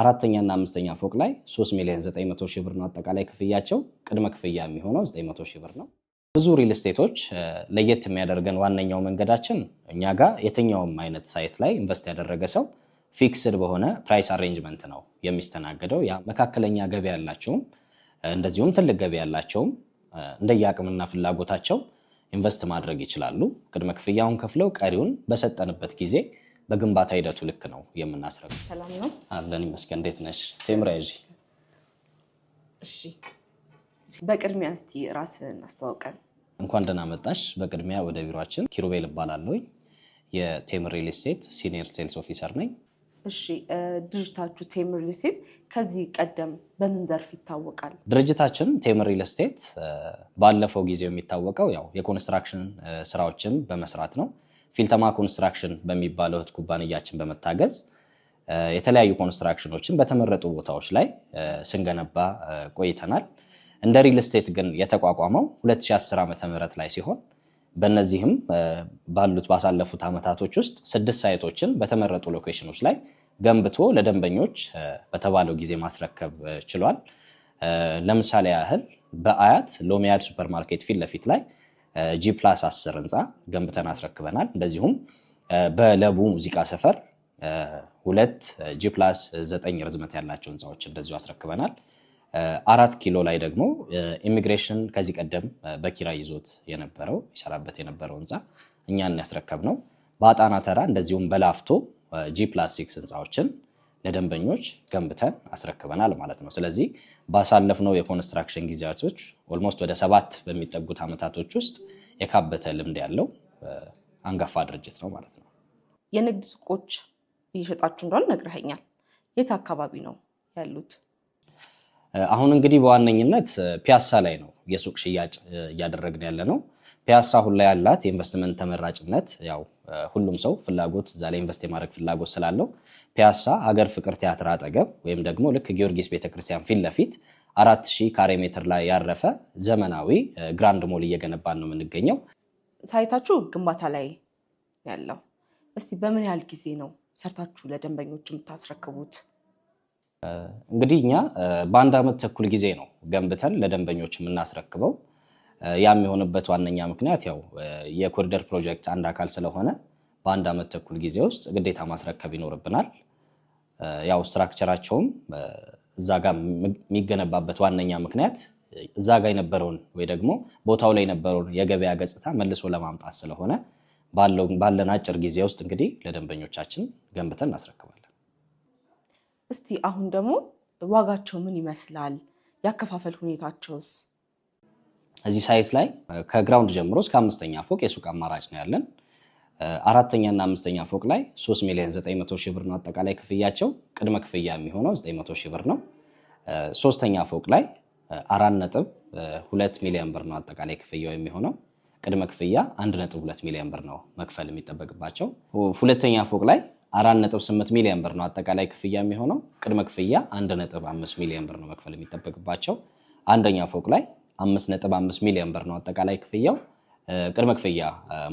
አራተኛና አምስተኛ ፎቅ ላይ 3 ሚሊዮን 900 ሺህ ብር ነው አጠቃላይ ክፍያቸው። ቅድመ ክፍያ የሚሆነው 900 ሺህ ብር ነው። ብዙ ሪል ስቴቶች ለየት የሚያደርገን ዋነኛው መንገዳችን እኛ ጋር የትኛውም አይነት ሳይት ላይ ኢንቨስት ያደረገ ሰው ፊክስድ በሆነ ፕራይስ አሬንጅመንት ነው የሚስተናገደው። ያ መካከለኛ ገቢ ያላቸውም እንደዚሁም ትልቅ ገቢ ያላቸውም እንደየአቅምና ፍላጎታቸው ኢንቨስት ማድረግ ይችላሉ። ቅድመ ክፍያውን ከፍለው ቀሪውን በሰጠንበት ጊዜ በግንባታ ሂደቱ ልክ ነው የምናስረግ። አለን ይመስገን። እንዴት ነሽ ቴምራ? እሺ በቅድሚያ እስቲ ራስን አስተዋውቀን። እንኳን ደህና መጣሽ። በቅድሚያ ወደ ቢሮችን። ኪሩቤል እባላለሁ የቴም ሪል ሲኒየር ሴልስ ኦፊሰር ነኝ። እሺ ድርጅታችሁ ቴም ሪል ከዚህ ቀደም በምን ዘርፍ ይታወቃል? ድርጅታችን ቴም ሪል ባለፈው ጊዜው የሚታወቀው ያው የኮንስትራክሽን ስራዎችን በመስራት ነው። ፊልተማ ኮንስትራክሽን በሚባለው እህት ኩባንያችን በመታገዝ የተለያዩ ኮንስትራክሽኖችን በተመረጡ ቦታዎች ላይ ስንገነባ ቆይተናል። እንደ ሪል ስቴት ግን የተቋቋመው 2010 ዓ ም ላይ ሲሆን በእነዚህም ባሉት ባሳለፉት ዓመታቶች ውስጥ ስድስት ሳይቶችን በተመረጡ ሎኬሽኖች ላይ ገንብቶ ለደንበኞች በተባለው ጊዜ ማስረከብ ችሏል። ለምሳሌ ያህል በአያት ሎሚያድ ሱፐርማርኬት ፊት ለፊት ላይ ጂ ፕላስ አስር ህንፃ ገንብተን አስረክበናል። እንደዚሁም በለቡ ሙዚቃ ሰፈር ሁለት ጂ ፕላስ ዘጠኝ ርዝመት ያላቸው ህንፃዎች እንደዚሁ አስረክበናል። አራት ኪሎ ላይ ደግሞ ኢሚግሬሽን ከዚህ ቀደም በኪራይ ይዞት የነበረው ይሰራበት የነበረው ህንፃ እኛን ያስረከብ ነው። በአጣና ተራ እንደዚሁም በላፍቶ ጂ ፕላስ ሲክስ ህንፃዎችን ለደንበኞች ገንብተን አስረክበናል ማለት ነው። ስለዚህ ባሳለፍነው የኮንስትራክሽን ጊዜያቶች ኦልሞስት ወደ ሰባት በሚጠጉት ዓመታቶች ውስጥ የካበተ ልምድ ያለው አንጋፋ ድርጅት ነው ማለት ነው። የንግድ ሱቆች እየሸጣችሁ እንደሆነ ነግረኸኛል። የት አካባቢ ነው ያሉት? አሁን እንግዲህ በዋነኝነት ፒያሳ ላይ ነው የሱቅ ሽያጭ እያደረግን ያለ ነው። ፒያሳ አሁን ላይ ያላት የኢንቨስትመንት ተመራጭነት ያው ሁሉም ሰው ፍላጎት እዛ ላይ ኢንቨስት የማድረግ ፍላጎት ስላለው ፒያሳ አገር ፍቅር ቲያትር አጠገብ ወይም ደግሞ ልክ ጊዮርጊስ ቤተክርስቲያን ፊት ለፊት አራት ሺህ ካሬ ሜትር ላይ ያረፈ ዘመናዊ ግራንድ ሞል እየገነባን ነው የምንገኘው። ሳይታችሁ ግንባታ ላይ ያለው እስቲ በምን ያህል ጊዜ ነው ሰርታችሁ ለደንበኞች የምታስረክቡት? እንግዲህ እኛ በአንድ ዓመት ተኩል ጊዜ ነው ገንብተን ለደንበኞች የምናስረክበው። ያ የሚሆንበት ዋነኛ ምክንያት ያው የኮሪደር ፕሮጀክት አንድ አካል ስለሆነ በአንድ ዓመት ተኩል ጊዜ ውስጥ ግዴታ ማስረከብ ይኖርብናል። ያው ስትራክቸራቸውም እዛ ጋር የሚገነባበት ዋነኛ ምክንያት እዛ ጋር የነበረውን ወይ ደግሞ ቦታው ላይ የነበረውን የገበያ ገጽታ መልሶ ለማምጣት ስለሆነ ባለን አጭር ጊዜ ውስጥ እንግዲህ ለደንበኞቻችን ገንብተን እናስረክባለን። እስቲ አሁን ደግሞ ዋጋቸው ምን ይመስላል? ያከፋፈል ሁኔታቸውስ? እዚህ ሳይት ላይ ከግራውንድ ጀምሮ እስከ አምስተኛ ፎቅ የሱቅ አማራጭ ነው ያለን። አራተኛና አምስተኛ ፎቅ ላይ 3 ሚሊዮን 900 ሺህ ብር ነው አጠቃላይ ክፍያቸው። ቅድመ ክፍያ የሚሆነው 900 ሺህ ብር ነው። ሶስተኛ ፎቅ ላይ አራት ነጥብ ሁለት ሚሊዮን ብር ነው አጠቃላይ ክፍያው የሚሆነው። ቅድመ ክፍያ አንድ ነጥብ ሁለት ሚሊዮን ብር ነው መክፈል የሚጠበቅባቸው። ሁለተኛ ፎቅ ላይ አራት ነጥብ ስምንት ሚሊዮን ብር ነው አጠቃላይ ክፍያ የሚሆነው። ቅድመ ክፍያ አንድ ነጥብ አምስት ሚሊዮን ብር ነው መክፈል የሚጠበቅባቸው። አንደኛ ፎቅ ላይ አምስት ነጥብ አምስት ሚሊዮን ብር ነው አጠቃላይ ክፍያው። ቅድመ ክፍያ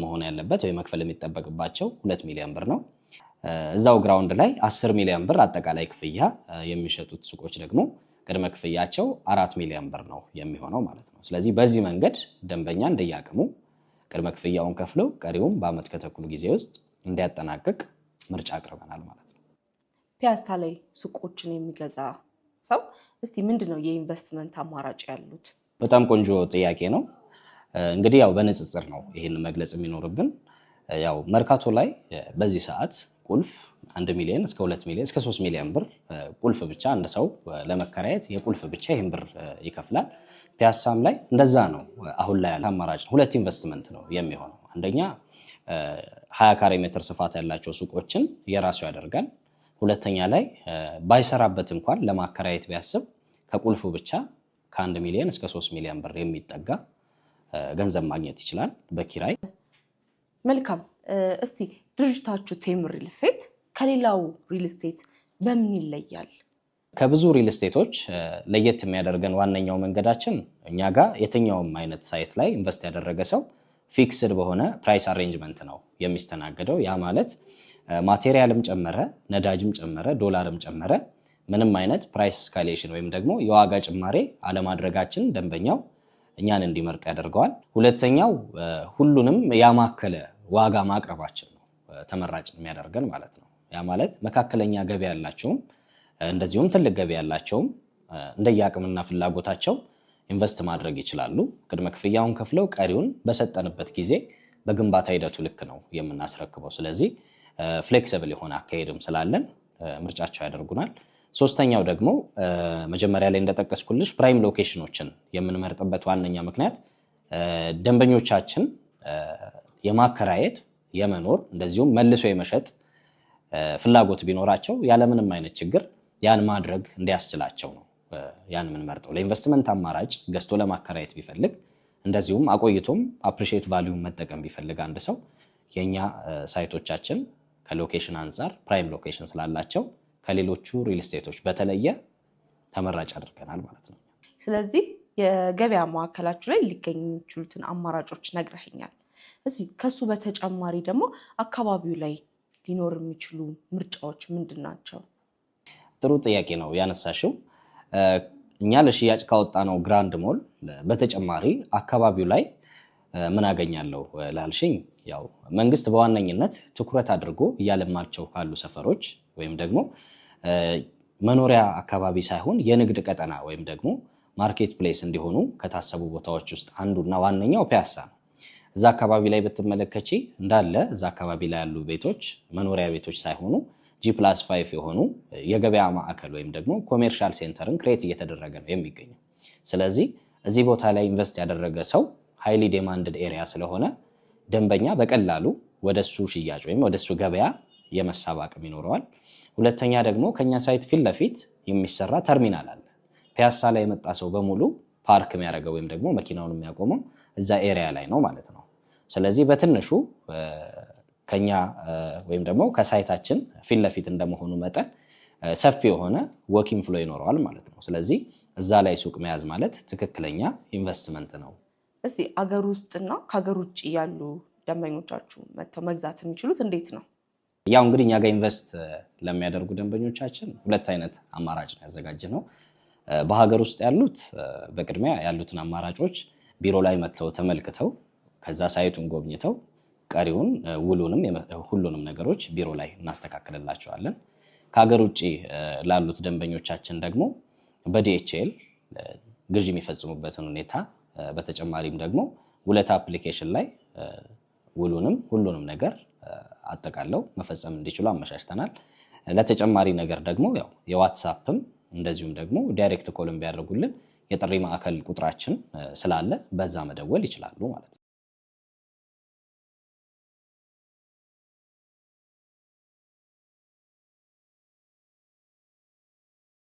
መሆን ያለበት ወይ መክፈል የሚጠበቅባቸው ሁለት ሚሊዮን ብር ነው። እዛው ግራውንድ ላይ አስር ሚሊዮን ብር አጠቃላይ ክፍያ የሚሸጡት ሱቆች ደግሞ ቅድመ ክፍያቸው አራት ሚሊዮን ብር ነው የሚሆነው ማለት ነው። ስለዚህ በዚህ መንገድ ደንበኛ እንደያቅሙ ቅድመ ክፍያውን ከፍለው ቀሪውም በአመት ከተኩል ጊዜ ውስጥ እንዲያጠናቅቅ ምርጫ አቅርበናል ማለት ነው። ፒያሳ ላይ ሱቆችን የሚገዛ ሰው እስቲ ምንድን ነው የኢንቨስትመንት አማራጭ ያሉት? በጣም ቆንጆ ጥያቄ ነው። እንግዲህ ያው በንጽጽር ነው ይህን መግለጽ የሚኖርብን። ያው መርካቶ ላይ በዚህ ሰዓት ቁልፍ አንድ ሚሊዮን እስከ ሁለት ሚሊዮን እስከ ሶስት ሚሊዮን ብር ቁልፍ ብቻ አንድ ሰው ለመከራየት የቁልፍ ብቻ ይህን ብር ይከፍላል። ፒያሳም ላይ እንደዛ ነው። አሁን ላይ ያለ አማራጭ ነው። ሁለት ኢንቨስትመንት ነው የሚሆነው። አንደኛ ሀያ ካሬ ሜትር ስፋት ያላቸው ሱቆችን የራሱ ያደርጋል። ሁለተኛ ላይ ባይሰራበት እንኳን ለማከራየት ቢያስብ ከቁልፉ ብቻ ከአንድ ሚሊዮን እስከ ሶስት ሚሊዮን ብር የሚጠጋ ገንዘብ ማግኘት ይችላል በኪራይ። መልካም። እስቲ ድርጅታችሁ ቴም ሪል ስቴት ከሌላው ሪል ስቴት በምን ይለያል? ከብዙ ሪል ስቴቶች ለየት የሚያደርገን ዋነኛው መንገዳችን እኛ ጋር የትኛውም አይነት ሳይት ላይ ኢንቨስት ያደረገ ሰው ፊክስድ በሆነ ፕራይስ አሬንጅመንት ነው የሚስተናገደው። ያ ማለት ማቴሪያልም ጨመረ፣ ነዳጅም ጨመረ፣ ዶላርም ጨመረ ምንም አይነት ፕራይስ እስካሌሽን ወይም ደግሞ የዋጋ ጭማሬ አለማድረጋችን ደንበኛው እኛን እንዲመርጥ ያደርገዋል። ሁለተኛው ሁሉንም ያማከለ ዋጋ ማቅረባችን ነው ተመራጭ የሚያደርገን ማለት ነው። ያ ማለት መካከለኛ ገቢ ያላቸውም እንደዚሁም ትልቅ ገቢ ያላቸውም እንደየአቅምና ፍላጎታቸው ኢንቨስት ማድረግ ይችላሉ። ቅድመ ክፍያውን ከፍለው ቀሪውን በሰጠንበት ጊዜ በግንባታ ሂደቱ ልክ ነው የምናስረክበው። ስለዚህ ፍሌክሲብል የሆነ አካሄድም ስላለን ምርጫቸው ያደርጉናል። ሶስተኛው ደግሞ መጀመሪያ ላይ እንደጠቀስኩልሽ ፕራይም ሎኬሽኖችን የምንመርጥበት ዋነኛ ምክንያት ደንበኞቻችን የማከራየት የመኖር እንደዚሁም መልሶ የመሸጥ ፍላጎት ቢኖራቸው ያለምንም አይነት ችግር ያን ማድረግ እንዲያስችላቸው ነው። ያን የምንመርጠው ለኢንቨስትመንት አማራጭ ገዝቶ ለማከራየት ቢፈልግ፣ እንደዚሁም አቆይቶም አፕሪሺየት ቫሊዩን መጠቀም ቢፈልግ አንድ ሰው የእኛ ሳይቶቻችን ከሎኬሽን አንጻር ፕራይም ሎኬሽን ስላላቸው ከሌሎቹ ሪል ስቴቶች በተለየ ተመራጭ አድርገናል ማለት ነው። ስለዚህ የገበያ ማዕከላችሁ ላይ ሊገኙ የሚችሉትን አማራጮች ነግረኸኛል። እዚህ ከሱ በተጨማሪ ደግሞ አካባቢው ላይ ሊኖር የሚችሉ ምርጫዎች ምንድን ናቸው? ጥሩ ጥያቄ ነው ያነሳሽው። እኛ ለሽያጭ ካወጣነው ግራንድ ሞል በተጨማሪ አካባቢው ላይ ምን አገኛለሁ ላልሽኝ ያው መንግስት በዋነኝነት ትኩረት አድርጎ እያለማቸው ካሉ ሰፈሮች ወይም ደግሞ መኖሪያ አካባቢ ሳይሆን የንግድ ቀጠና ወይም ደግሞ ማርኬት ፕሌስ እንዲሆኑ ከታሰቡ ቦታዎች ውስጥ አንዱና ዋነኛው ፒያሳ ነው። እዛ አካባቢ ላይ ብትመለከች እንዳለ እዛ አካባቢ ላይ ያሉ ቤቶች መኖሪያ ቤቶች ሳይሆኑ ጂ ፕላስ ፋይቭ የሆኑ የገበያ ማዕከል ወይም ደግሞ ኮሜርሻል ሴንተርን ክሬት እየተደረገ ነው የሚገኘው። ስለዚህ እዚህ ቦታ ላይ ኢንቨስት ያደረገ ሰው ሃይሊ ዴማንድድ ኤሪያ ስለሆነ ደንበኛ በቀላሉ ወደሱ ሽያጭ ወይም ወደሱ ገበያ የመሳብ አቅም ይኖረዋል። ሁለተኛ ደግሞ ከኛ ሳይት ፊት ለፊት የሚሰራ ተርሚናል አለ። ፒያሳ ላይ የመጣ ሰው በሙሉ ፓርክ የሚያደርገው ወይም ደግሞ መኪናውን የሚያቆመው እዛ ኤሪያ ላይ ነው ማለት ነው። ስለዚህ በትንሹ ከኛ ወይም ደግሞ ከሳይታችን ፊት ለፊት እንደመሆኑ መጠን ሰፊ የሆነ ወኪንግ ፍሎ ይኖረዋል ማለት ነው። ስለዚህ እዛ ላይ ሱቅ መያዝ ማለት ትክክለኛ ኢንቨስትመንት ነው እስቲ አገር ውስጥና ከሀገር ውጭ ያሉ ደንበኞቻችሁ መጥተው መግዛት የሚችሉት እንዴት ነው? ያው እንግዲህ እኛ ጋር ኢንቨስት ለሚያደርጉ ደንበኞቻችን ሁለት አይነት አማራጭ ነው ያዘጋጀ ነው። በሀገር ውስጥ ያሉት በቅድሚያ ያሉትን አማራጮች ቢሮ ላይ መጥተው ተመልክተው ከዛ ሳይቱን ጎብኝተው ቀሪውን ውሉንም ሁሉንም ነገሮች ቢሮ ላይ እናስተካክልላቸዋለን። ከሀገር ውጭ ላሉት ደንበኞቻችን ደግሞ በዲኤችኤል ግዥ የሚፈጽሙበትን ሁኔታ በተጨማሪም ደግሞ ሁለት አፕሊኬሽን ላይ ውሉንም ሁሉንም ነገር አጠቃለው መፈጸም እንዲችሉ አመሻሽተናል። ለተጨማሪ ነገር ደግሞ ያው የዋትሳፕም እንደዚሁም ደግሞ ዳይሬክት ኮልም ቢያደርጉልን የጥሪ ማዕከል ቁጥራችን ስላለ በዛ መደወል ይችላሉ ማለት ነው።